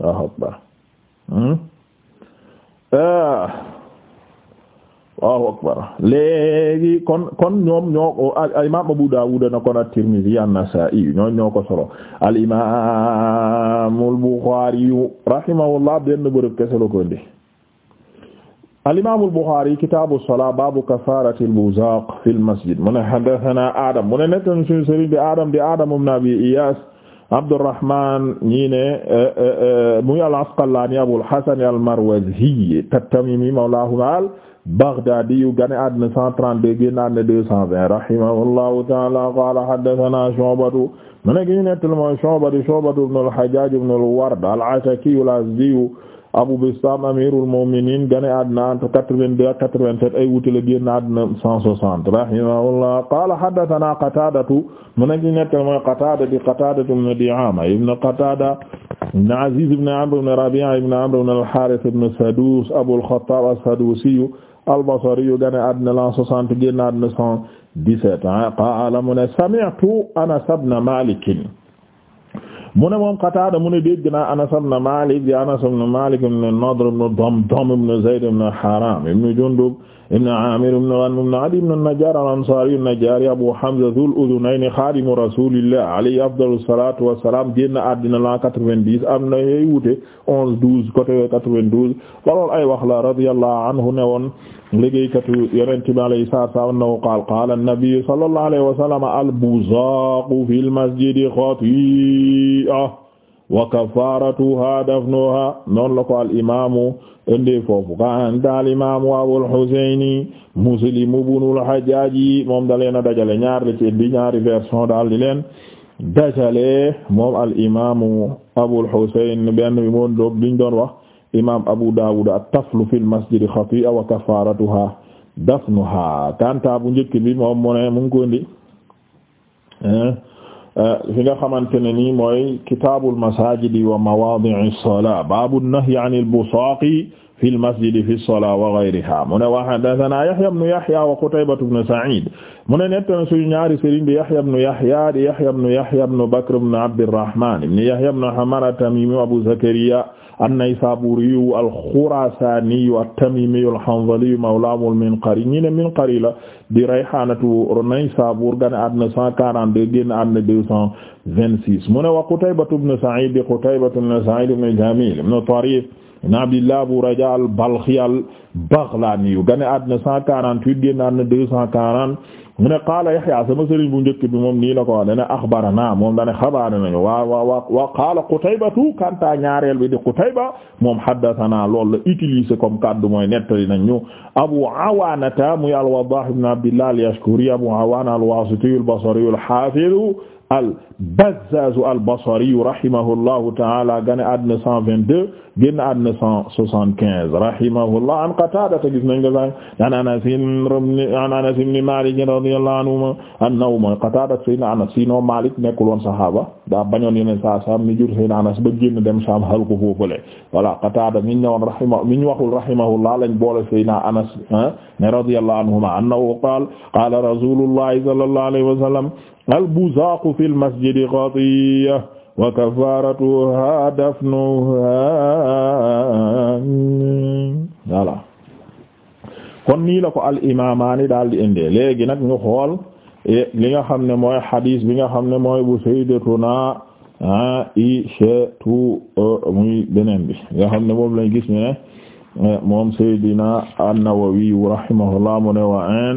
waaw akbar waaw hmm? ah. akbar léegi kon kon ñoom ñoo al imaam Abu Dawud na kon at-Tirmidhi an-Nasa'i ñoo solo al imaam al-Bukhari rahimahullah benn bërëb kese la ko al imaam al-Bukhari kitaabu as-salaa baabu kafaarati al-buzaaq fil masjid mu ne haddathanaa Adam mu ne nekk suñu sëriñ bi Adam di Adam ibn Abi Iyaas Abdurrahman ñii ne eh, eh, eh, muy al-Asqalani Abul Hasan al-Marwazi at-Tamimi mawlaahu al-Baghdadi gane àddina 132 génn àddina 220 rahimahullahu ta'ala qala haddathana Shu'batu mu ne ki ñu nettali mooy Shu'batu Shu'batu ibn al-Hajjaj ibn al-Ward al-Ataki al-Azdi Abu Bistam amirul mu'minin gane àddina entre quatre-vingt-deux ak quatre-vingt-sept ay wuute la génn àddina cent soixante rahimahullah qala haddathana Qatadatu mu ne ci nettal mooy Qatada di Qatada ibn Di'ama ibn Qatada ibn Aziz ibn Amr ibn Rabi'a ibn Amr ibn al-Harith ibn Sadus Abul Khattab as-Sadusi al-Basri gane àddina l'an soixante génn àddina cent dix-sept qala mu ne sami'tu Anas ibn Malik mu ne moom Qataada mu ne dégg naa Anas ibn Maalik di Anas ibn Maalik ibn Nadr ibn Damdam ibn Zayd ibn Haraam ibn Jundub ibn Aamir ibn Ghanm ibn Adiy ibn an-Najjaar al-Ansaari an-Najjaari Abu Hamza Dhul Udhunayni xaadimu Rasuulillah alayhi afdalu salaatu wa salaam génn àddina la 90 am na yooyu wuute 11 12 côté 92 loolu ay wax la radiyallahu anhu ne woon liggéeykatu Yonent bi alayhi salaatu wa salaam qaala qaala an-nabiyyu sallallahu alayhi wa sallam al-buzaaqu fil masjidi xatii'a wa kafaratuha dafnuha noonu la ko al imamu indi foofu kanta al imamu abul husayni muslim ibnul hajjaji moom da leen dajale ñaar ñaari version daal di leen dajale moom al imamu abul husayn benn bi moom doob doon wax imam abu dawud at-taflu fil masjidi khati'a wa dafnuha kanta bu njëkk bi moom mu ne Euh, fi nga xamante ne nii mooy kitaabul masaajidi wa mawaadi'i salaa baabu nahyi anil busaaqi fil masjidi fi salaa wa ghayrihaa mu ne wa haddathanaa Yahyaa ibnu Yahyaa wa Qutaybatu ibnu Sa'iid mu ne nettana suñu ñaari sëriñ bi Yahyaa ibnu Yahyaa di Yahyaa ibnu Yahyaa ibnu Bakr ibnu Abdirrahmaan ibnu Yahyaa ibnu Hammaara at-Tamiimi Abuu Zakariyaa an-Naysaburiyu al-Khurasaniyu at-Tamimiyu al-Hanzaliyu mawlahum al-Minqari ñi ne Minqari la di Rayhanatu Naysabur gane àddina 142 génn àddina 226 mu ne wa Qutaybatu ibn Sa'id Qutaybatu ibn Sa'id ibn Jamil ibn Tarif ibn Abdillah Abu Raja al-Balkhi al-Baghlani yu gane àddina 148 génn àddina 240 mu ne qaala Yahya sama sëriñ bu njëkk bi moom nii la ko wax dana axbarana moom dana xabaar nañu wa wa wa qaala Qutaybatu kanta ñaareel bi di Qutayba moom haddathana loolu la utilisé comme kaddu mooy nettali nañu Abu Awaanata muy al-Waddah ibn Abdillah al-Yashkuri Abu Awaana al-Wasiti al-Basri al-Hafiz al-Bazzaz al-Basri rahimahullahu ta'ala gane àddina 122 génn àddina 175 rahimahullah an Qatada gis nañ ko sax an Anas ibn Malik radiyallahu anhu annahu ma Qatada sayyidina Malik nekkul woon saxaaba daa bañoon yeneen saa mi jur sayyidina Anas ba génn dem Saam xal ko foofule voilà Qatada mi ñu ñëwoon rahima mi ñu waxul rahimahullah lañ boole sayyidina Anas ah, ne radiyallahu anhuma rasulullah sallallahu alayhi wa sallam al-buzaaqu fil masjidi xatiya wa kafaaratuhaa dafnuhaa voilà kon nii ko al imaamaani daal di indee léegi nag ñu xool e, li nga xam ne mooy xadiis bi nga xam ne mooy bu sayyidatuna Aysatu e, muy beneen bi nga xam ne moom lañ gis ne e, moom Seydina An-Nawawi rahimahullah mu ne wa an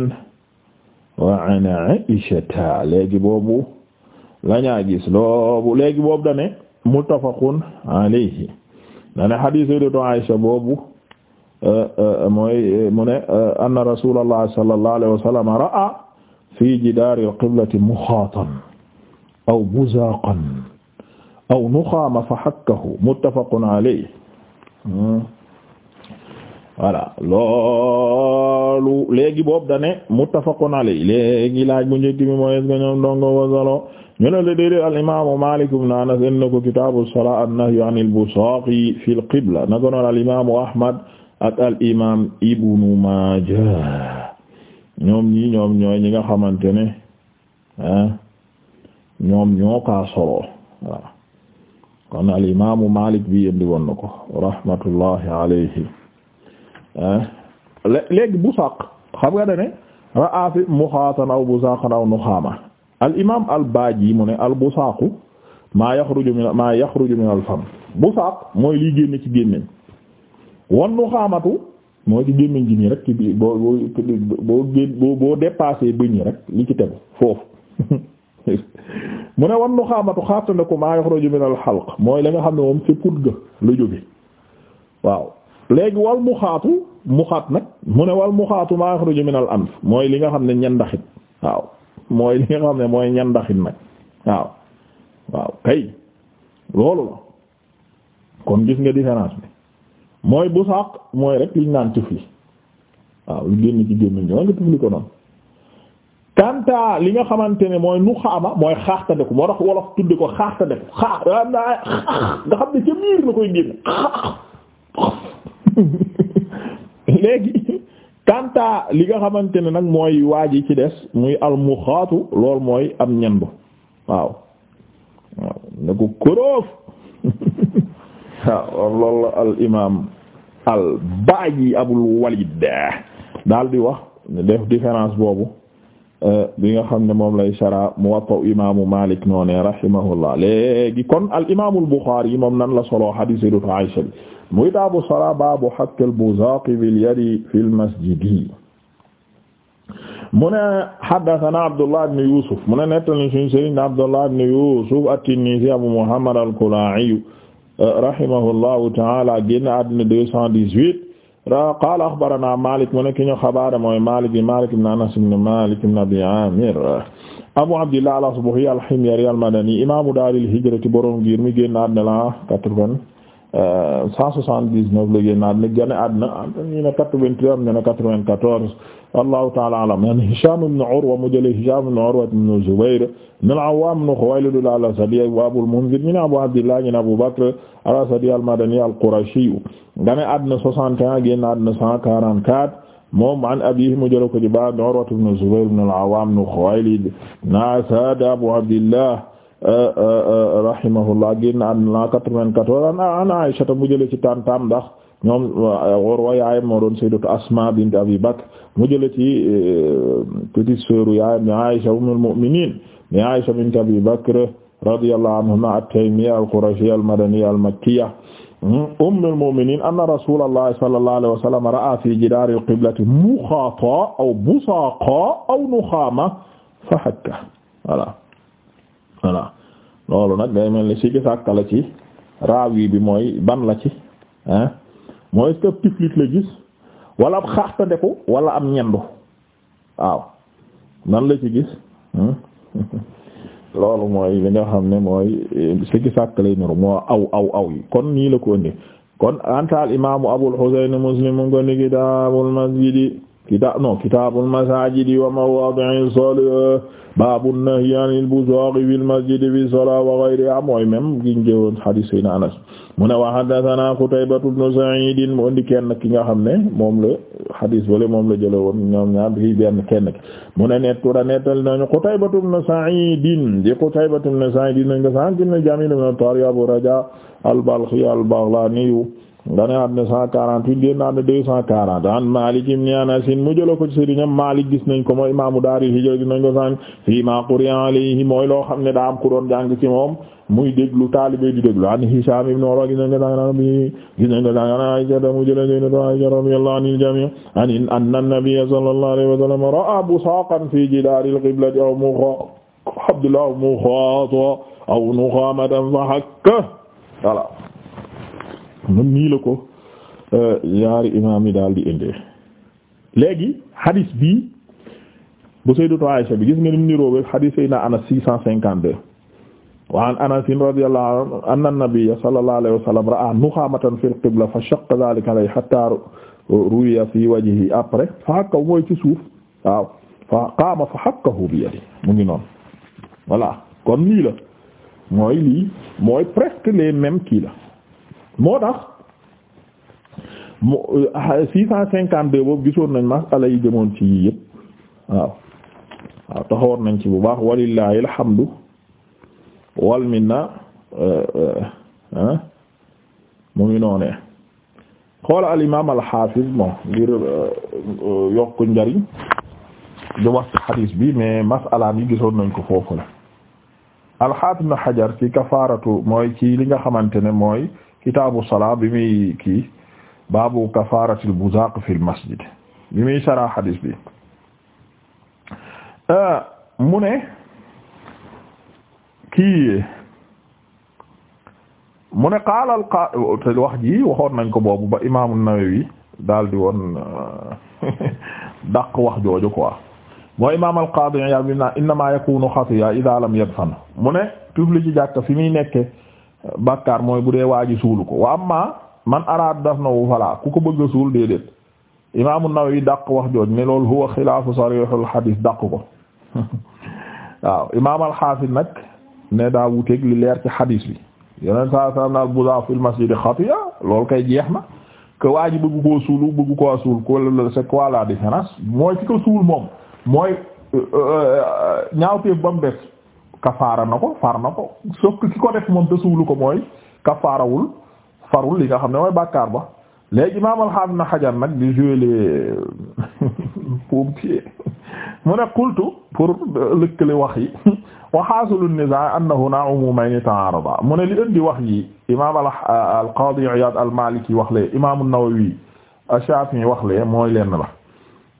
wa an Aishata léegi boobu lañaa gis loobu léegi boobu dane muttafaqun alayhi dane hadith sayyidatu Aisha boobu euh, euh, mooy mu ne euh, anna rasulullah sallallahu alayhi wa sallam ra'a fi jidaari al-qiblati muxaatan aw buzaaqan aw nuxaama fa hakkahu muttafaqun alayhi hmm. voilà loolu léegi boobu dane muttafaqun alayhi léegi laaj bu njëkk bi mooy est-ce que ñoom dongo wasalo ñu ne le déedéet al Malik ibn Anas en na ko kitaabu salaa an-nahyu busaaqi fil qibla na ko noon al Ahmad ak al Ibnu Maaja ñoom ñi ñoom ñooy ñi nga xamante ne ñoom ñoo kaa kon al Malik bi yendi woon na ko léegi busaq xam nga dane ra'a fi muxaasan aw busaqan aw nuxaama al imam al baaji mu ne al busaqu maa yax min maa yaxruju min al fam busaq mooy liy génne ci gémmiñ wan nuxaamatu mooy ci gémmiñ gi nii rek ci biir boo boo boo boo boo dépassé bëñ rek li ci tegu foofu mu ne wan nuxaamatu xaatane ko maa yaxruju min al xalq mooy la nga xam ne moom ca put ga la jóge waaw léegi wal muxaatu muxaat nag mu ne wal muxaatu ma yaxruju min al mooy li nga xam ne ñan ndaxit waaw mooy li nga xam ne mooy ñan ndaxit nag waaw waaw kon gis nga différence mooy bu saaq mooy rek liñ naan tufli lu génn ci gémmiñ ñoo nga tufli ko noonu kanta li nga xamante ne mooy nu xaama mooy xaaxtandeku moo tax wolof tudde ko xaaxtandeku xaax nga xam ne ca miir la koy génn léegi kanta li nga xamante ne nag mooy waaj yi ci des muy xaatu lool mooy am ñendu waaw waaw ne ko koroof waaw loolu al imaam al baaji abul walid daal di wax def différence boobu euh, bi nga xam ne moom lay shara muwatta imaamu malik noone rahimahullah léegi kon al imaamul buxaari moom nan la solo xadiis yi du Aysa muy kitaabu salaa baabu haqqil buzaaqi bil yadi fil masjidi mu ne haddathana Abdullah ibn Yusuf mu ne nettali suñu sëriñ Abdullah ibn Yusuf at-Tinnisi Abu Muhammad al-Kalaa'i rahimahullahu ta'ala génn àddina deux cent dix-huit qaala axbaranaa Maalik mu ne ki ñu xabaar mooy Maalik bi Maalik ibn Anas ibn Maalik ibn Abi Aamir Abu Abdillah al-Asbahi al-Himyari al-Madani imaamu daaril hijra borom ngir mi génn àddina la quatre-vingts cent soixante-dix-neuf la génn àddina génn àddina am ñu ne quatre-vingt-trois am ñu ne quatre-vingt-quatorze wallahu ta'ala a'lam an Hisham ibn Urwa mu jële Hisham ibn Urwa ibn Zubayr ibn al-Awwam ibn Khuwaylid al-Asadi wa Abul Munzir min Abu Abdillah ibn Abu Bakr al-Asadi al-Madani al-Qurashi génn àddina soixante et un génn àddina cent quarante-quatre moom an abiihi mu jële ko ci ba Urwa ibn Zubayr ibn al-Awwam ibn Khuwaylid ibn Asad Abu Abdillah rahimahullah génn àdduna 94 an Aisha mu jëlee ci tantam ndax ñoom Urwa euh, yaayam moo doon sayyidatu Asma bint Abi Bakr mu jëlee ci euh, petite sœur yaayam Aisha ummul mu'minin Aisha bint Abi Bakr radiyallahu anhuma at-Taymiyya al-Qurashiyya al-Madaniyya al-Makkiyya ummul mu'minin anna Rasulullah sallallahu alayhi wa sallam ra'a fi jidar al-qiblati mukhata aw busaqa aw nukhama fa hakka voilà voilà loolu nag day mel ni si gisàkka la ci raawi bi mooy ban la ci ah mooy est-ce que tiflit la gis wala ab xaaxtandeku wala am ñendu waaw nan la ci gis hmm? loolu mooy li nga xam ne mooy eh, si gisàkka lay niru moo aw aw aw yi kon nii la ko indi kon antal imaamu Abul Husayn Muslim mu ngi ko ni kitaabul masjidi kita non kitaabul masaajidi wa mawaadi'i salaa baabu nahyi anil busuuqi fil masjidi fi salaa wa ghayrihaa mooy même giñ jëwoon hadiis Seydina Anas mu ne wa haddathanaa Qutaybatu ibnu Sa'iid mu indi ki nga xam ne moom la hadiis wala moom la jëlee woon ñoom ñaar kenn ki mu ne net tuuti nettal nañu Qutaybatu ibnu Sa'iid di Qutaybatu ibnu Sa'iid nga Sa'iid ibnu Jamiil ibnu Tariya Abu Rajaa al-Balkhi al-Baghlaani nga ne am na cent quarante-huit génn am na deux cent quarante an Maalik ibn Anas mu jëla ko ci sëriñam Maalik gis nañ ko mooy imaamu daaru hijra gis nañ ko sànq fii maa quri'a alayhi mooy loo xam ne daa am ku doon jàng ci moom muy déglu taalibe di déglu an Hishaam ibn Urwa gis nañ ko sànq gis nañ ko sànq an Aysata mu jëla gén Aysata radiyallahu anil jamii' an anna nabiyya sallallahu alayhi wa sallam ra'a busaaqan fii jidaaril qiblati aw muxaat aw nuxaamatan fa hakka voilà ñun nii la ko euh, ñaari imaam yi daal di indee léegi hadis bii bu sayyidatu Aisha bi gis nga nim niroo beg hadis sayna Anas six cent cinquante-deux wa an Anas radiyallahu anhu anna an-nabiyya sallallahu alayhi wa sallam ra'a nuxaamatan fil qibla fa shaqqa dhalika alayhi hatta ruwiya fi wajhihi après fa hakkahu mooy ci suuf waaw fa qaama fa hakkahu bi yadihi mu ngi noonu voilà kon lii la mooy lii mooy presque les mêmes kii la moo tax mu euh, six cent cinquante-deux boobu gisoon nañ masala yi jëmoon ci yii yëpp waaw waaw nañ ci bu baax walillahi alhamdu wal minna euh, euh, mu ngi noonee xoola al imaam al xaafiz ngir yokk njariñ di wax xadiis bi mais masalaam yi gisoon nañ ko foofu la al xaafiz na xajar ci kafaaratu mooy ci li nga xamante ne mooy kitaabu salaa bi muy kii baabu kafaaratil buzaaq fil masjid bi muy saraa xadiis bi euh, mu ne kii mu ne qaala al qaa'il wax ji waxoon nañ ko boobu ba imaamu Nawawi daal di woon euh, dàq wax jooju quoi mooy imaam al qaadi yaa bi na innamaa yakunu lam yadfan mu tufli ci jàkka fi muy nekke bàkkaar mooy bu dee waa ji suulu ko wa amma man araad daf na wu falaa ku ko bëgg a suul déedéet imaamu Nawawi daq wax jooj ne loolu huwa xilaafu sarihul xadiis dàq ko waaw imaam alxaafis nag ne daa wuteeg li leer ci xadiis bi yeneen saa saa naal buda fil masjidi xatiya loolu kay jeex na que waa ji bëgg koo suulu bëgg koo suul ko la c'est quoi mooy ci ko suul moom mooy euh, euh, euh, ñaawteef ba kafaara na ko far na ko ki ko def suulu ko mooy kafaarawul farul li nga xam ne mooy bàkkaar ba léegi imaam al-Hafiz na Hajar nag di jouer les pompiers mu ne qultu pour lëkkale wax yi wa haasilu nizaa' annahunaa umuumayni ta'aaradaa mu li indi wax yi imaam al-Qaadi Iyaad wax lee imaam an-Nawawi ash-Shaafi'i wax lee mooy lenn la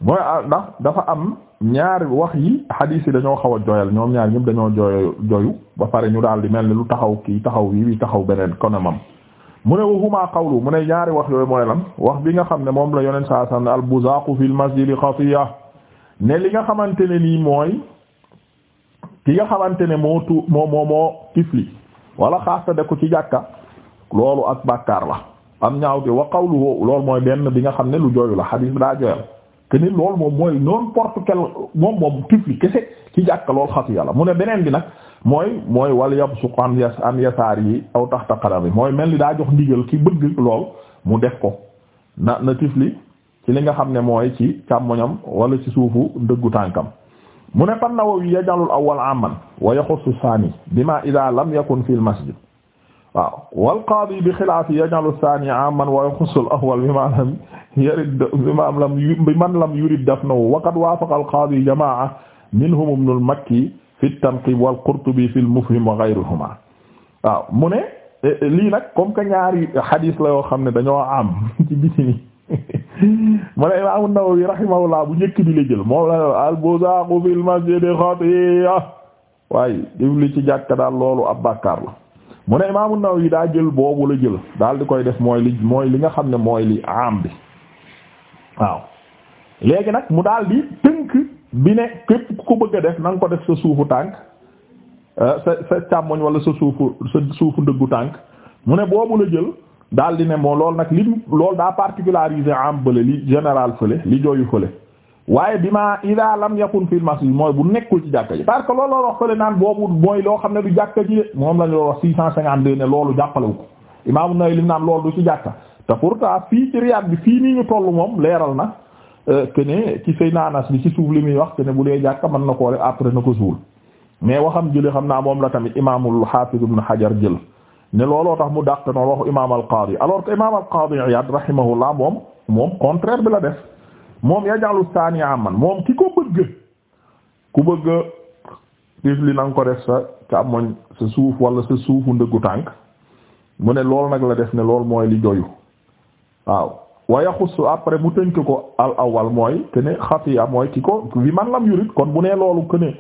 mooy ah, ndax dafa am ñaari wax yi hadith yi dañoo xaw a jooyal ñoom ñaar ñëpp dañoo jooy jooyu ba pare ñu daal di mel ni lu taxaw kii taxaw wi wi taxaw beneen konamam mu ne waxuma qawlu mu ne ñaari wax yooyu mooy lan wax bi nga xam ne moom la yoneen saa sam ne al buzaaqu fil masjidi xatiya ne li nga xamante ne nii mooy ki nga xamante ne moo tu moo tifli wala xaasta de ko ci jàkka loolu ak bàkkaar la am ñaaw wax wa qawluhu loolu mooy benn bi nga xam ne lu jooyu la hadith bi daa jooyal te ni loolu moom mooy noon porte quel moom moom tifli kese ci jàkk lool xatu yàlla mu ne beneen bi nag mooy mooy wal yabsuq an yas an yasaar yi aw taxta qadami mooy mel ni daa jox ndigal ki bëgg lool mu def ko na na tifli ci li nga xam ne mooy ci càmmoñam wala ci suufu ndëggu tànkam mu ne fan Nawawi yajalul awwal aman wa yaxussu saani bima ida lam yakun fil masjid waaw walqaadi bi xilaafi yajalu saani aman wa yaxussu al-awwal bi man lam yurid bi man lam yurid dafnahu wa qad waafaqa al-qaadi jamaa'a minhum ibnu al-Makki fi at-Tanqiib wal-Qurtubi fi al-Mufhim wa ghayrihimaa waaw mu ne e, e, lii nag comme que ñaari xadiis la yoo xam ne dañoo am ci biti ni mu ne Imaam an-Nawawi rahimahullah bu njëkk bi la jël moom la al-buzaaq fi al-masjid xatii'a waaye li ci jàkka daal loolu ab bàkkaar la mu ne Imaam An-Nawawi daa jël boobu la jël daal di koy def mooy li mooy li nga xam ne mooy li am bi waaw léegi nag mu daal di tënk bi ne képp ku bëgg a def na ko def sa suufu tànk euh, sa sa càmmoñ wala sa suufu sa suufu ndëggu tànk mu ne boobu la jël daal di ne moo lool nag li lool daa particularisé am bële li général fële li jooyu fële waaye bi ma ida lam yakun fil masjid mooy bu nekkul ci jàkka ji parce que loolu loolu wax fële naan boobu mooy loo xam ne du jàkka ji de moom la ñu wax six cent cinquante deux ne loolu jàppalewu ko imaamu Nawawi lim naan loolu du ci jàkka te pourtant fii ci Riyad bi fii nii ñu toll moom leeral na euh, que ne ci say naanas bi ci suuf li muy wax que ne bu dee jàkka mën na koo def après na ko suul mais waxam jële xam naa moom la tamit imaamul Hafiz Ibn Hajar jël ne looloo tax mu daq noonu waxu imaam al-Qadi alors que imaam al-Qadi Iyad rahimahullah moom moom contraire bi la def moom yajalu saani man moom ki ko bëgg ku bëgg tifli na nga ko def sa càmmoñ sa suuf wala sa suufu ndëggu tànk mu ne lool nag la def ne lool mooy li joyu waaw waaye xussu après mu tënk ko al awal mooy que ne xatiya mooy ki ko bi man lam yurit kon bu nee loolu que ne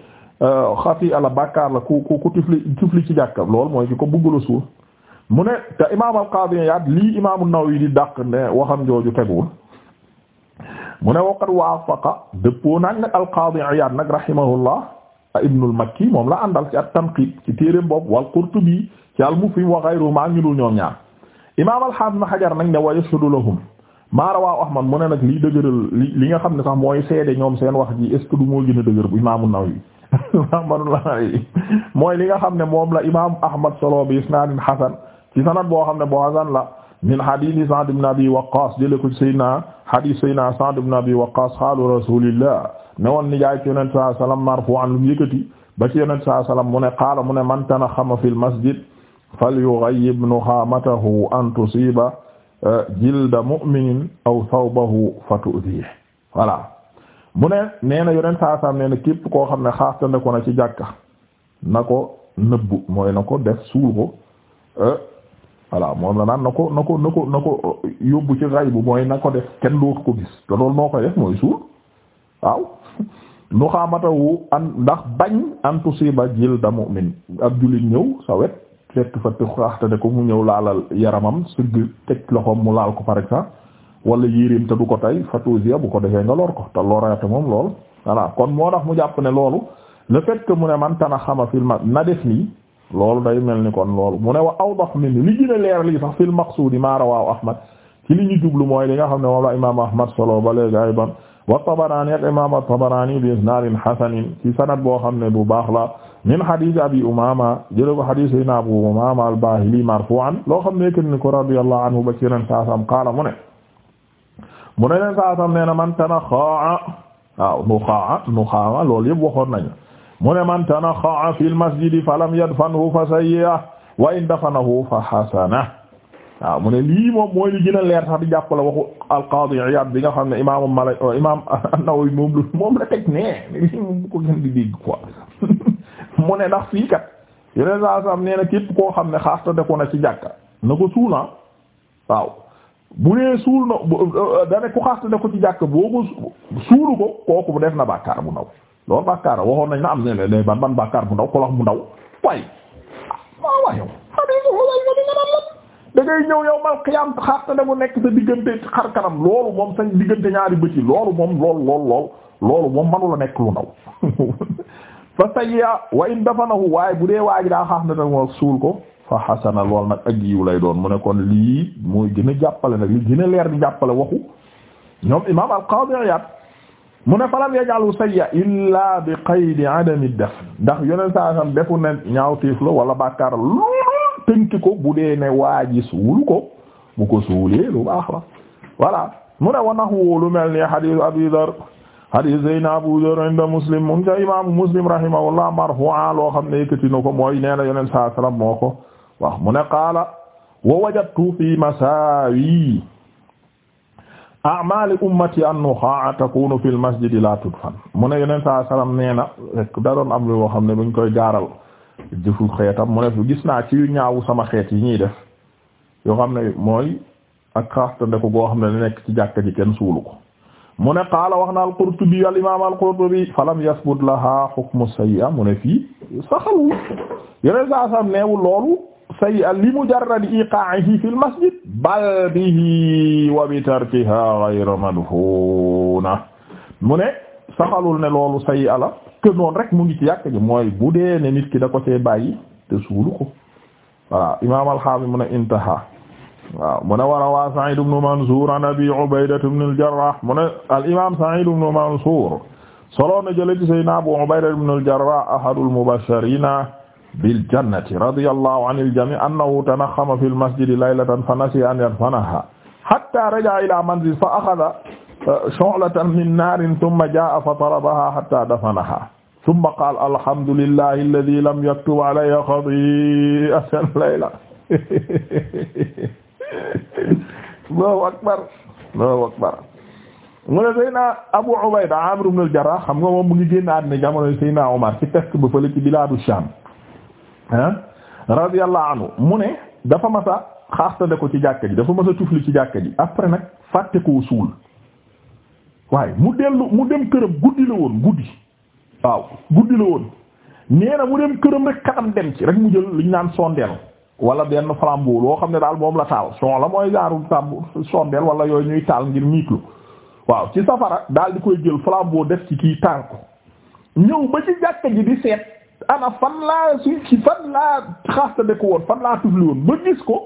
euh, xatiya la bàkkaar la ku ku tifli tifli ci jàkka lool mooy ki ko bëggula suuf mu ne te imaam al Qaadi Iyaad lii imaam an-Nawawi di dàq ne waxam jooju teguwul mu ne waqad waafaqa dëppoo naag nag al-Qaadi Iyaad nag rahimahullah Ibnul Makki moom la àndal ci at-Tanqiid ci téereem bopp wal Qurtubi ci al-Mufhim wa ghayruhumaa ñu dul ñoom ñaar imaam al na Ibn Hajar nag ne wa yashhadu lahum maa rawaahu Ahmad mu ne nag liy dëgëral li nga xam ne sax mooy seede ñoom seen wax ji est-ce que du moo gën a dëgër bu imaamu mooy li nga xam ne moom la imaam Ahmad solo bi isnaadin hasan ci sanad boo xam ne boo hasan la. min hadith Sa'd ibn Abi Waqqas jële ko Seydina hadith Seydina Sa'd ibn Abi Waqqas xaalu rasulillah ne woon ni jaay ci yonent sallallahu alayhi wasallam marfu'an lu yëkkati ba ci yonent sallallahu alayhi wasallam mu ne qaala mu ne man tanaxama fil masjid falyughayyib nuxaamatahu an tusiba uh, jilda mu'minin aw thawbahu fatu'dhihi voilà mu ne nee na yonent sallallahu alayhi wasallam nee na képp koo xam ne xaastandeko na ci jàkka na ko nëbbu mooy na ko def suul ko uh, voilà moom la naan na ko na ko na ko na ko yóbbu ci ray bu mooy na ko def kenn dootu ko gis te loolu noo koy def mooy suur waaw nu xaamatawu an ndax bañ an tusiba jilda mu'min ab jullit ñëw sa wet fekk fa tuxaaxte ne ko mu ñëw laalal yaramam sëgg teg loxoom mu laal ko par exemple wala yérim te ko tey fatousia bu ko defee nga lor ko te loraate moom lool voilà kon moo tax mu jàpp ne loolu le fait que mu ne man tana xama filma na def nii loolu day mel ni kon lool mu ne wa awdax min li gën a leer lii sax fil maqsuudi maa rawaahu Ahmad ci li ñu jublu mooy li nga xam ne moom la imaam Ahmad solo ba léegi wa Tabarani ak imaam at-Tabarani bi isnaadin hasanin boo xam ne bu baax la min hadiis Abi Umaama jële ko Abu Umaama al-Baahili marfuu'an loo xam ne ken ko radiyallahu anhu ba ci ren saasam qaala mu ne mu ne leen saasam nee yëpp waxoon nañu mu ne man tanaxaa fi lmasjidi fa lam yadfanhu fa sayyi'a wa in dafanahu fa hasana waaw mu ne lii moom mooy li gën leer sax di jàppale waxu alqaadi Iyaad bi nga xam ne imaamu Malik imaam An-Nawawi moom lu moom la teg nee lii moom bu ko gën di dégg quoi mu ne ndax fii kat yeneen saa sam nee na képp koo xam ne xaas ta na ci jàkka na ko suulan ah. waaw bu nee suul na dane ku xaas ta ci jàkka boo ko suulu ko kooku def na bàkkaar bu ndaw loolu bàkkaar waxoon nañ na am ne ban ban bàkkaar bu ndaw ko wax mu ndaw waaye waaw ah, waaw yow ah, xadiisu ne mu nekk sa diggante xar kanam loolu moom sa diggante ñaari bëti loolu moom lool loolu moom manula nekk lu ndaw fa sayya wa in dafanahu waaye bu dee waa ji daa xaax ne moo suul ko fa xasana lool nag ak yiw lay doon mu ne kon lii mooy gën a jàppale nag li gën a leer di jàppale waxu ñoom imam al-Qadi Iyad mu ne falam yajalu sayya illa bi qaydi adami dafn ndax yoneen saa sam defu ne ñaawteef la wala bàkkaar lu tënki ko bu dee ne waaji suulu ko bu ko suulee lu baax la voilà mu ne wa nahwu lu mel ni hadith abi dhar hadith zayna abu dhar muslim mun ca imaamu muslim rahimahullah marfu'a loo xam ne yëkkati na ko mooy nee na yoneen saa moo ko wax mu qaala wa wajadtu fi masaawi amali ummati an-nuxaa takunu fil masjidi la tudfan mu ne yeneen saa salaam nee na rek da doon am loo xam ne buñ koy gaaral jëfu xeetam mu ne gis naa ci ñaawu sama xeet yi ñuy def yoo xam ne mooy ak xaastandeku goo xam ne da nekk ci jàkka ji kenn suulu ko mu ne qaala wax na al-Qurtubi al imaam al-Qurtubi falam yasbut laha hukmu sayyi'a mu ne fii saxalu yeneen saa salaam neewul loolu sayyi'a li mujarrad iqaa'ihi fil masjid bal bihi wa bi tarkiha ghayra madfuna mu ne saxalul ne loolu sayyi'a la te noonu rek mu ngi ci yàq ji mooy bu dee ne nit ki da ko see bàyyi te suulu ko voilà imaam al-Hafiz mu ne intaha waaw mu ne war a waa Sa'id ibn Mansur an Abi Ubayda ibn al-Jarrah mu ne al-imaam Sa'id ibn Mansur solo na jële ci Sayyidina Abu Ubayda ibn al-Jarrah ahadul mubashirina bil jannati radiyallahu anil jami annahu tanaxxama fil masjidi laylatan fa nasiya an yadfanaha hatta raja'a ila manzil fa akhadha uh, shu'latan min naarin thumma jaa'a fa talabaha hatta dafanaha thumma qaala alhamdulillahi alladhi lam yaktub alayya khati'atan layla Allahu akbar Allahu akbar mu ne Seydina Abu Ubayda Amr ibn al-Jarrah xam nga moom mu ngi génn àddina jamono Seydina Omar ci peste ba fële ci bilaadu Sham ah radiyallahu anhu mu ne dafa mas a ko ci jàkka ji dafa mas a tufli ci jàkka ji après nag fàtte koo suul waaye mu dellu mu dem këram guddi la woon guddi waaw guddi la woon nee na mu dem këram rek kanam dem ci rek mu jël ñu naan sondeel wala benn flambeau loo xam ne daal moom la taal son la mooy gaaru tàmb sondeel wala yooyu ñuy taal ngir miitlu waaw ci safara daal di koy jël flambeau def ci kii tànk ñëw ba ci jàkka ji di seet ana fan laa suñ ci fan laa xastandeku woon fan laa tufli woon ba ko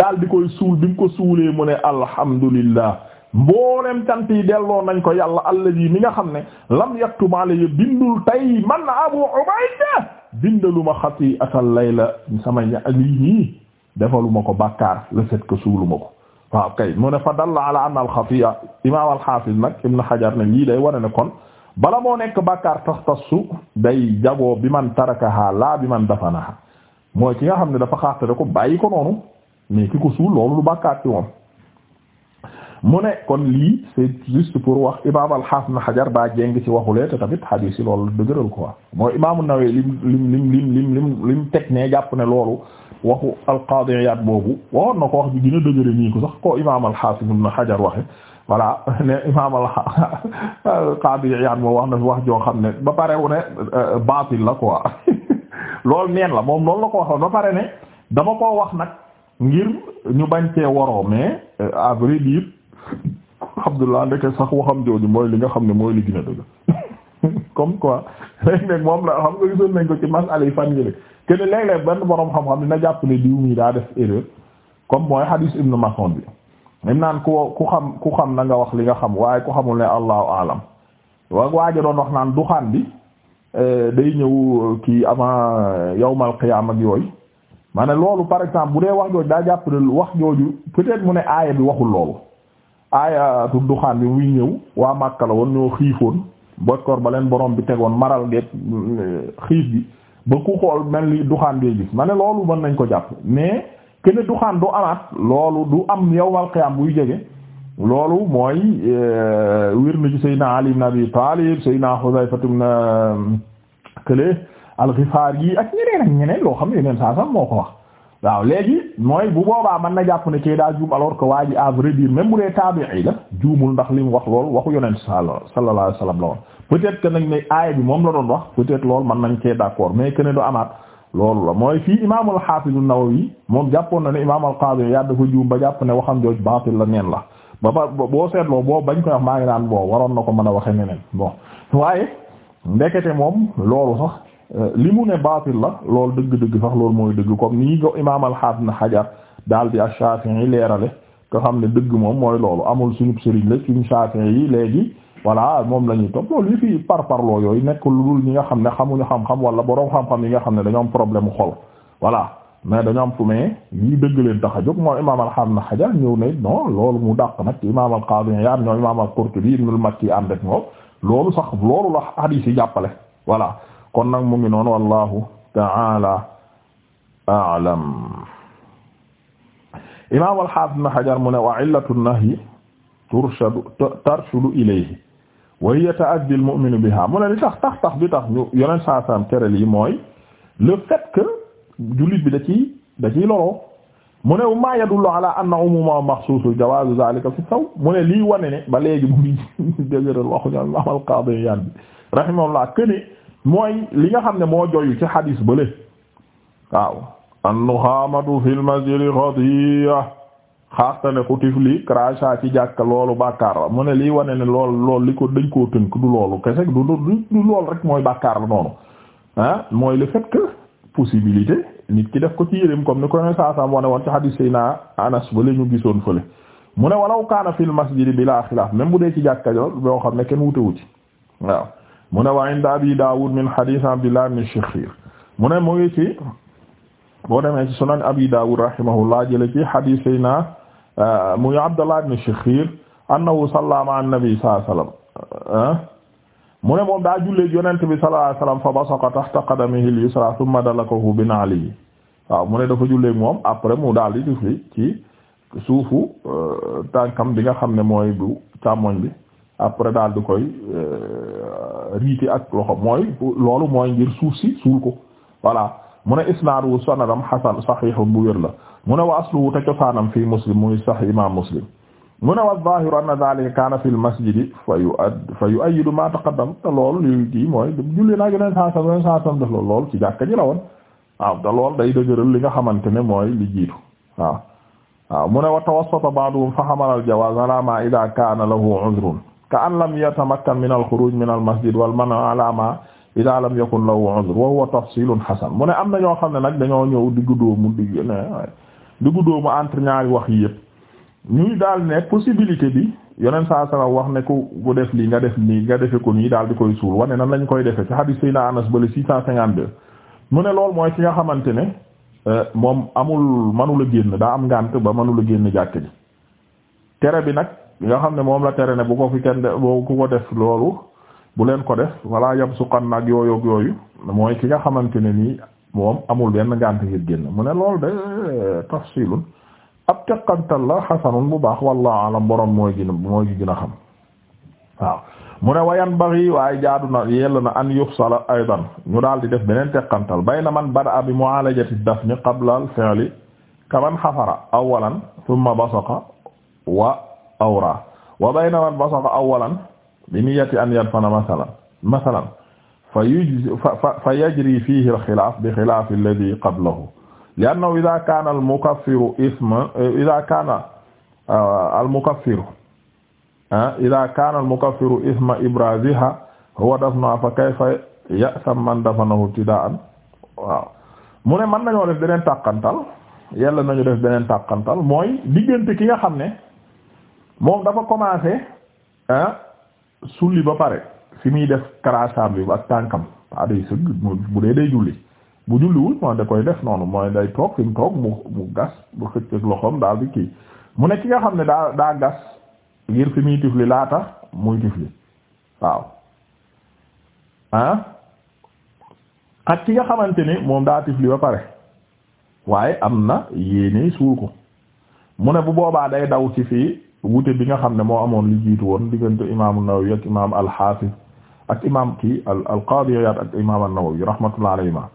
daal di koy suul bi ko suulee mu ne alhamdulillah mboolem cant yi delloo nañ ko yàlla alladi mi nga xam ne lam yaktub alayya bindul tay man abu ubayda bindalu ma xati'atal layla sama ña lii nii ma ko bàkkaar le fait que suulu ma ko waaw kay mu ne fa dalla ala anna al xati'a imam al hafiz nag ibn hajar ne lii day wara ne kon bala moo nekk bàkkaar taxtassu day jagoo bi man tarakaha laa bi man dafanaha mooy ki nga xam ne dafa xaastare ko bàyyi ko noonu mais ki ko suul loolu lu bàkkaar ci moom mu ne kon lii c'est juste pour wax imam na xajar daa jéng ci waxulee te tamit xadiis yi dëgërël dëgëral quoi mooy imaamu Nawawi lim lim lim lim lim lim lim teg ne jàpp ne loolu waxu alqaadi Iyaad boobu waxoon na ko wax bi gën a nii ko sax ko imam na xajar waxe voilà ne imaam al-Qaadi Iyaad moo wax na wax joo xam ne ba pare wu ne euh, baatil la quoi loolu neen la moom loolu la ko waxoon ba pare ne dama koo wax nag ngir ñu bañ cee waroo mais euh, à vrai dire Abdullah ndeke sax waxam jooju mooy li nga xam ne mooy li gën a dëgg comme quoi léegi moom la xam nga gisoon nañ ko ci masala yi fan yële que ne léeg benn borom xam-xam na jàpp ne diw mi daa def erreur comme mooy hadis Ibn bi. dañ naan ku ku xam ku xam na wax li nga xam waaye ku xamul ne allahu alam wa waa ji doon wax naan duxaan bi eh, day ñëw eh, kii avant eh, yawmal qiyaama ak yooyu ma ne loolu par exemple bu dee wax jooju daa jàpp ne wax jooju peut-être mu ne aaya bi waxul loolu aayatu duxaan bi muy ñëw waa Màkka la woon ñoo xiifoon bojkoor ba leen borom bi tegoon maral geeg xiif bi ba ku xool mel ni duxaan bee gis ma ne loolu mën nañ ko jàpp mais. kene xaan du amaat loolu du am yow qiyaam buy jege loolu mooy euh, wér na ci Seydina Ali ibn Abi Talib Seydina Hudayfa ibn euh, kële al-Ghifari yi ak ñeneen ak ñeneen loo xam ne yeneen saa moo ko wax waaw léegi mooy bu boobaa man na jàpp ne kii daal juum alors que waa ji à vrai dire même bu dee taabi'i la juumul ndax li mu wax loolu waxu yonent sallallahu alayhi wasallam la woon peut-être nañ ne aaya bi moom la doon wax peut-être loolu mën nañ kee d'accord mais que du amaat loolu la mooy fii imaam al-Hafiz an-Nawawi moom jàppoon na ne imaam al-Qadi Iyaad dafa juum ba jàpp ne waxam jooj baatil la neen la ba ba boo seetloo boo bañ koy wax maa ngi naan boo waroon na ko mën a waxe neneen bon waaye ndekete moom loolu sax euh, li mu ne baatil la loolu dëgg-dëgg sax loolu mooy dëgg comme nii ko imaam al-Hafiz na xajaat daal di ash-Shafi'i leerale nga xam ne dëgg moom mooy loolu amul suñu sëriñ la suñu Shafi'i yi léegi voilà moom la ñuy topp loolu fii par parloo yooyu nekk lu ñi nga xam ne xamuñu xam wala boroom xam-xam yi nga xam ne dañoo am problème xol voilà mais dañoo am fu mais lii dëgg leen tax a jóg moom imaam al-Hafiz Hajar ñëw ne non loolu mu dàq nag imaam al-Qadi Iyaad ñoom imaam al-Qurtubi Ibn al-Makki ànd ak moom loolu sax loolu la hadith yi jàppale voilà kon nag mu ngi noonu wallahu ta'ala a'lam imaam al-Hafiz Hajar mu ne wa illatu nahyi turshadu tarshudu ilayhi wa hiya ta'addi al-mu'minu biha mu ne li tax tax tax bi tax ñu yoneen saa saam tere lii mooy le fait que jullit bi da ciy da ciy loroo mu ne maa yadullu ala anna umuma maxsuusu jawaazu zaalika fi saw mu ne lii wane ne ba léegi mu ngi dëgëral waxu ñu al-imaam al-qaadi Iyaad bi rahimahullah këne mooy li nga xam ne moo joyu ci xadiis bële waaw an-nuxaamatu fil masjidi xatiya xaastane ku tifli crachat ci jàkk loolu bàkkaar la mu ne lii wane ne lool lool li ko dañ koo tënk du loolu kese du du lool rek mooy bàkkaar la noonu ah mooy li fait que possibilité nit ki def ko ci yéreem comme ni ko ne saasaam wane woon ci hadis sayna anas ba la ñu gisoon fële mu ne walaw kaana fil masjidi bila xilaaf même bu dee ci jàkka jool boo xam ne kenn wute wuti waaw mu ne wa inda abi daawud min hadis abdillah ibn shikhir mu ne mu ngi ci boo demee ci sunan abi daawud rahimahullah jële ci hadis sayna Euh, muy Abdallah ibn Shikhir annahu salla ma'a an-nabi sallallahu alayhi wasallam euh, mu ne moom daa jullee yonent bi sallallahu alayhi wasallam fa basaqa tahta qadamihi al-yusra thumma dalakahu bi na'lihi waaw mu ne dafa jullee moom après mu daal di tufli ci suufu euh, tànkam bi nga xam ne mooy bu càmmoñ bi après daal di koy riiti ak loxo mooy loolu mooy ngir suuf si suul ko voilà mu ne isnaaduhu sanadam hasan sahihun bu wér la mu ne wa asluhu te cosaanam fii muslim muy sax imam muslim mu ne wa zahiru anna dhalika kaana fi l masjidi fa yu fa yu'ayyidu ma taqaddam te lool li kii mooy julli naa yoneen saa sam yoneen saa sam def lool lool ci jàkka ji la woon waaw te lool day dëgëral li nga xamante ne mooy li jiitu waaw waaw mu ne wa tawassata ba'duhum fa hamala al jawaz ala ma idha kaana lahu 'udhrun ka an lam yatamakkan min al khuruj min al masjid wal mana ala ma ida lam yakun lahu 'udhr wa huwa tafsilun hasan mu ne am na ñoo xam ne nag dañoo ñëw diggu dóomu digg ne diggu doomu entre ñaari wax yi yëpp ñuy daal ne possibilité bi yoneen saa sala wax ne ku bu def lii nga def nii nga defe ko nii daal di koy suul wane nan lañ koy defe ci hadis sayna Anas bale six mu ne lool mooy ki nga xamante ne euh, moom amul manula génn daa am ngànt ba manula génn jàkk bi tere bi nag nga xam ne moom la tere ne bu ko fi kenn ku ko def loolu bu leen ko def wala yam suqan nag yooyoog yooyu mooy ki nga xamante ne nii moom amul benn ngànt ngir génn mu ne loolu de tafsilun ab teqantal la xasanun bu baax wallahu alam borom mooy gën mooy gën a xam waaw mu ne wayan baxi waaye jaadu na yell na an yufsala aidan ñu daal di def beneen teqantal bayna man bada'a bi mu'alajati dafni qabla al fi'li kaman xafara awalan thumma basaqa wa awra wa bayna man basaqa awalan bi niyyati an yadfana masalan masalan fa yujzi fa yajri fiihi al-xilaaf bi xilaafi alladii qablahu li'annahu idaa kaana al-mukaffiru isman idaa kaana al-mukaffiru idaa kaana al-mukaffiru isma eh, ah, ah, ibraazihaa huwa dafnuhaa fa kayfa ya'samu man dafanahu ibtidaa'an waaw mu ne mën nañoo def beneen tàqantal yàlla nañu def beneen tàqantal mooy diggante ki nga xam ne moom dafa commencé ah sulli ba pare. fi muy def karaasaam bi ak tànkam waa day sëgg bu dee day julli bu julliwul mooy da koy def noonu mooy day toog fi mu toog mu mu gas bu xëcc loxoom daal di kii mu ne ki nga xam ne daa daa gas ngir fi muy tifli laata muy tifli waaw ah ak ki nga xamante ni moom daa tifli ba pare waaye am na yéene suul ko mu ne bu boobaa day daw ci fii wute bi nga xam ne moo amoon li jiitu woon diggante imaamu Nawawi ak imaam al ak imam kii al al Qaadi Iyaad ak imam an-Nawawi rahmatullah alayhima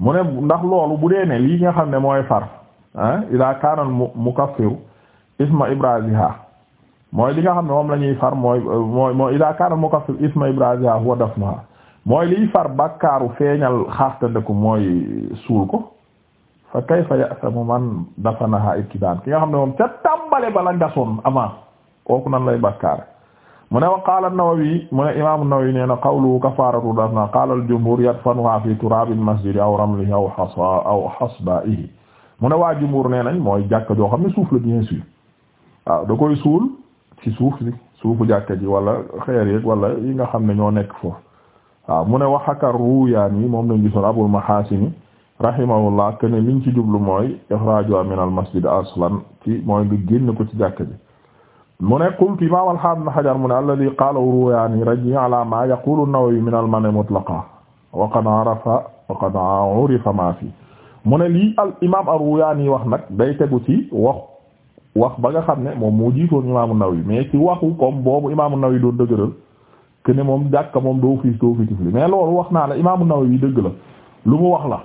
mu ne ndax loolu bu dee ne lii nga xam ne mooy far ah ila kaana mu mukaffiru isma ibraziha mooy li nga xam ne moom la ñuy far mooy mooy mooy ila kaana mukaffiru isma ibraziha huwa dafnaha mooy li far bakkaaru feeñal xaastandeku mooy suul ko fa kayfa ya'samu man dafanaha ibtidaan ki nga xam ne moom ca tàmbale bala gasoon avant kooku nan lay bakkaar mu ne wa qaala an-Nawawi mu ne imaam an-Nawawi nee na qawluhu kafaaratu dafna qaala al-jumhuur yadfanuhaa fi turaabil masjidi aw ramlihi aw hasaa aw hasbaa'ihi mu ne waa jumhuur nee nañ mooy jàkka joo xam ne suuf la bien sûr waaw da koy suul ci suuf si suufu jàkka ji wala xeer yeeg wala yi nga xam ne ñoo nekk foofu waaw mu ne wa hakar Ruyaani moom lañ gisoon Abul Mahaasini rahimahullah la liñ ci jublu mooy ixraajuhaa min a masjid aslan ci mooy nga génn ko ci jàkka ji mu ne qultu imam al-hafiz ibn hajar mu ne alladi qaala ruwaani raji ala ma yaqulu an-nawawi min al-man mutlaqa wa qad arafa wa qad urifa ma fi mu ne lii al imam ar-ruwaani wax nag day tegu ci wax wax ba nga xam ne moom moo jiitoon imaamu an-nawawi mais ci waxu comme boobu imaamu an-nawawi doon dëgëral que ne moom jàkka moom doo fiis doo fiis li mais loolu wax naa la imaamu an-nawawi dëgg la lu mu wax la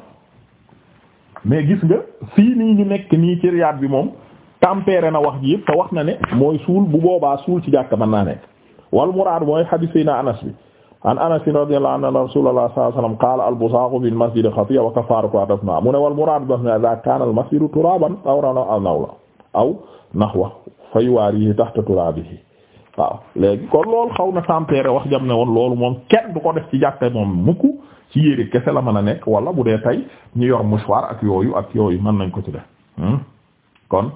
mais gis nga fii nii ñu nekk nii ci riyaad bi moom tempéré na wax ji yëpp te wax na ne mooy suul bu boobaa suul ci jàkka man naa nekk wal muraad mooy hadith na anas bi an anas radiyallahu anhu anna rasulullah sallallahu alayhi wasallam qaala al busaaku bil masjid xatiya wa kafaaratu adafna mu ne wal muraad bi idha kaana al masjidu turaban aw nawla aw nahwa fa yuwaarihi tahta turaabihi waaw léegi kon loolu xaw na tempéré wax jam ne woon loolu moom kenn du ko def ci jàkka moom mukk ci yére kese la mën a nekk wala bu dee tey ñu yor mouchoir ak yooyu ak yooyu mën nañ ko ci def hmm? kon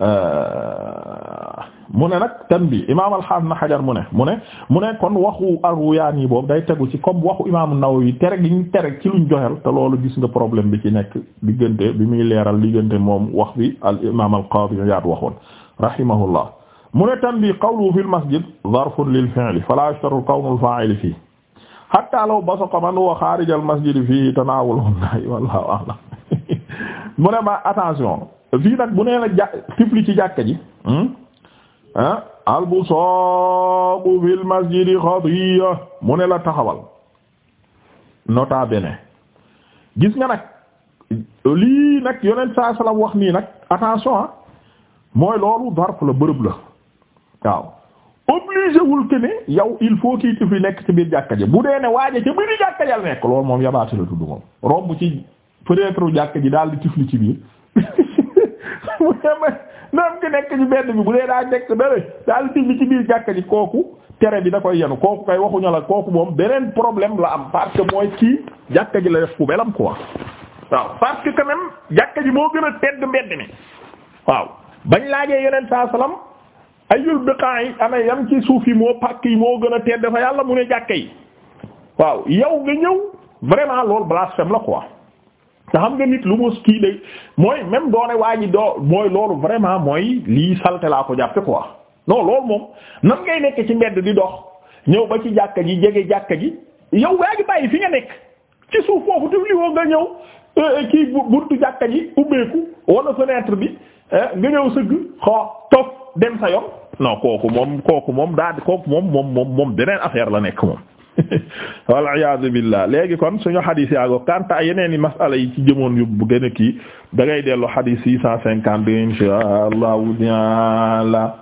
Euh, mu ne nag tanbi imaam al-Haafiz Ibn Hajar mu ne mu ne mu ne kon waxu ar-Ruyaani boobu day tegu ci comme waxu imaamu Nawawi tere gi ñu tere ci luñ joxel te loolu gis nga problème bi ci nekk diggante bi muy leeral diggante moom wax bi al imaam al-Qaadi Iyaad waxoon rahimahullah mu ne tanbi qawluhu fil masjid zarfun lil fi'li falaa yushtaratu kawnu al-faa'ili fiihi hattaa law basaqa man huwa xaarija al-masjid fiihi tanaawulun nahyi wallaahu a'lam mu ne ma attention fii nag bu nee la jà tifli ci jàkka ji hmm? ah albusaqu di masjidi xatiya mu ne la taxawal nota bene gis nga nag lii nag yonent saa salaam wax nii nag attention ah mooy loolu darf la bërëb la waaw obligé wul que yow il faut kii tifli nekk ci biir jàkka ji bu dee ne waaje ca biir jàkka jal nekk loolu moom yabaate la tudd moom romb ci peut jàkka ji daal di tifli ci biir mu dem même ki nekk ci benn bi bu dee daa nekk dara daal di ci biir jàkka ji kooku tere bi da koy yenu kooku kay waxuñu la kooku moom beneen problème la am parce que mooy kii jàkka ji la def poubelle ko quoi waaw parce que quand jàkka ji moo gën a tedd mbedd mi waaw bañ laajee yeneen saa salaam ayul biqa'i ana yam ci suuf yi moo pàkk yi moo gën a tedd dafa yàlla mu ne jàkka yi waaw yow gi ñëw vraiment loolu blasphème la quoi. te xam nga nit lu mos kii de mooy même doone waa ji doo mooy loolu vraiment mooy lii salte laa ko jàppe quoi non loolu moom nan ngay nekk ci mbedd di dox ñëw ba ci jàkka ji jege jàkka ji yow waa ji bàyyi fi nga nekk ci suuf foofu te nga ñëw euh, euh, kii buntu jàkka ji ubbeeku wala fenêtre bi euh, nga ñëw sëgg xaw toog dem sa yoon non kooku moom kooku moom daal kooku moom moom moom moom beneen affaire la nekk moom. wal iyaazu billah léegi kon suñu xadis yaago kanta yeneen i masala yi ci jëmoon yu bu gën a kii da ngay dellu xadis six cent cinquante insha allahu taala